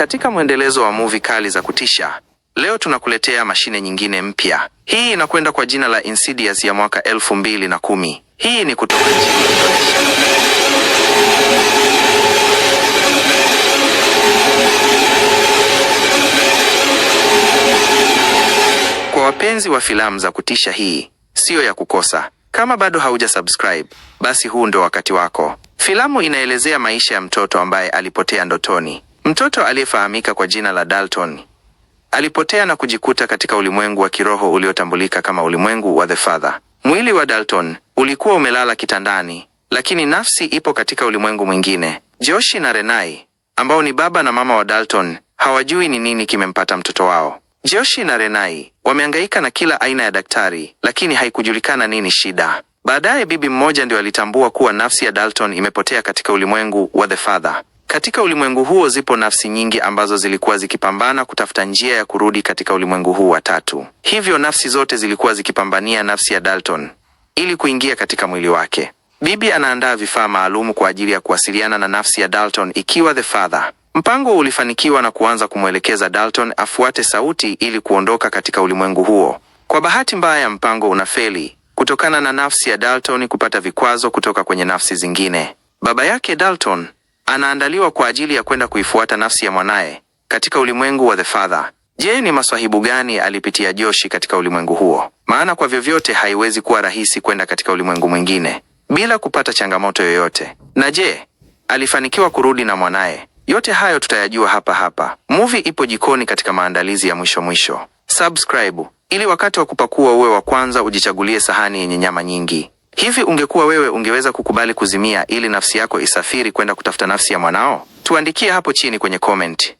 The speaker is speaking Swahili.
Katika mwendelezo wa muvi kali za kutisha, leo tunakuletea mashine nyingine mpya. Hii inakwenda kwa jina la Insidious ya mwaka elfu mbili na kumi. Hii ni kutoka kwa wapenzi wa filamu za kutisha. Hii siyo ya kukosa. Kama bado hauja subscribe, basi huu ndo wakati wako. Filamu inaelezea maisha ya mtoto ambaye alipotea ndotoni Mtoto aliyefahamika kwa jina la Dalton alipotea na kujikuta katika ulimwengu wa kiroho uliotambulika kama ulimwengu wa The Father. Mwili wa Dalton ulikuwa umelala kitandani, lakini nafsi ipo katika ulimwengu mwingine. Joshi na Renai ambao ni baba na mama wa Dalton hawajui ni nini kimempata mtoto wao. Joshi na Renai wameangaika na kila aina ya daktari, lakini haikujulikana nini shida. Baadaye bibi mmoja ndio alitambua kuwa nafsi ya Dalton imepotea katika ulimwengu wa The Father. Katika ulimwengu huo zipo nafsi nyingi ambazo zilikuwa zikipambana kutafuta njia ya kurudi katika ulimwengu huu wa tatu. Hivyo nafsi zote zilikuwa zikipambania nafsi ya Dalton ili kuingia katika mwili wake. Bibi anaandaa vifaa maalum kwa ajili ya kuwasiliana na nafsi ya Dalton ikiwa the father. Mpango ulifanikiwa na kuanza kumwelekeza Dalton afuate sauti ili kuondoka katika ulimwengu huo. Kwa bahati mbaya, mpango unafeli kutokana na nafsi ya Dalton kupata vikwazo kutoka kwenye nafsi zingine. Baba yake Dalton anaandaliwa kwa ajili ya kwenda kuifuata nafsi ya mwanaye katika ulimwengu wa The Father. Je, ni maswahibu gani alipitia Joshi katika ulimwengu huo? Maana kwa vyovyote haiwezi kuwa rahisi kwenda katika ulimwengu mwingine bila kupata changamoto yoyote. Na je, alifanikiwa kurudi na mwanaye? Yote hayo tutayajua hapa hapa. Movie ipo jikoni katika maandalizi ya mwisho mwisho. Subscribe ili wakati wa kupakua uwe wa kwanza ujichagulie sahani yenye nyama nyingi. Hivi ungekuwa wewe, ungeweza kukubali kuzimia ili nafsi yako isafiri kwenda kutafuta nafsi ya mwanao? Tuandikie hapo chini kwenye komenti.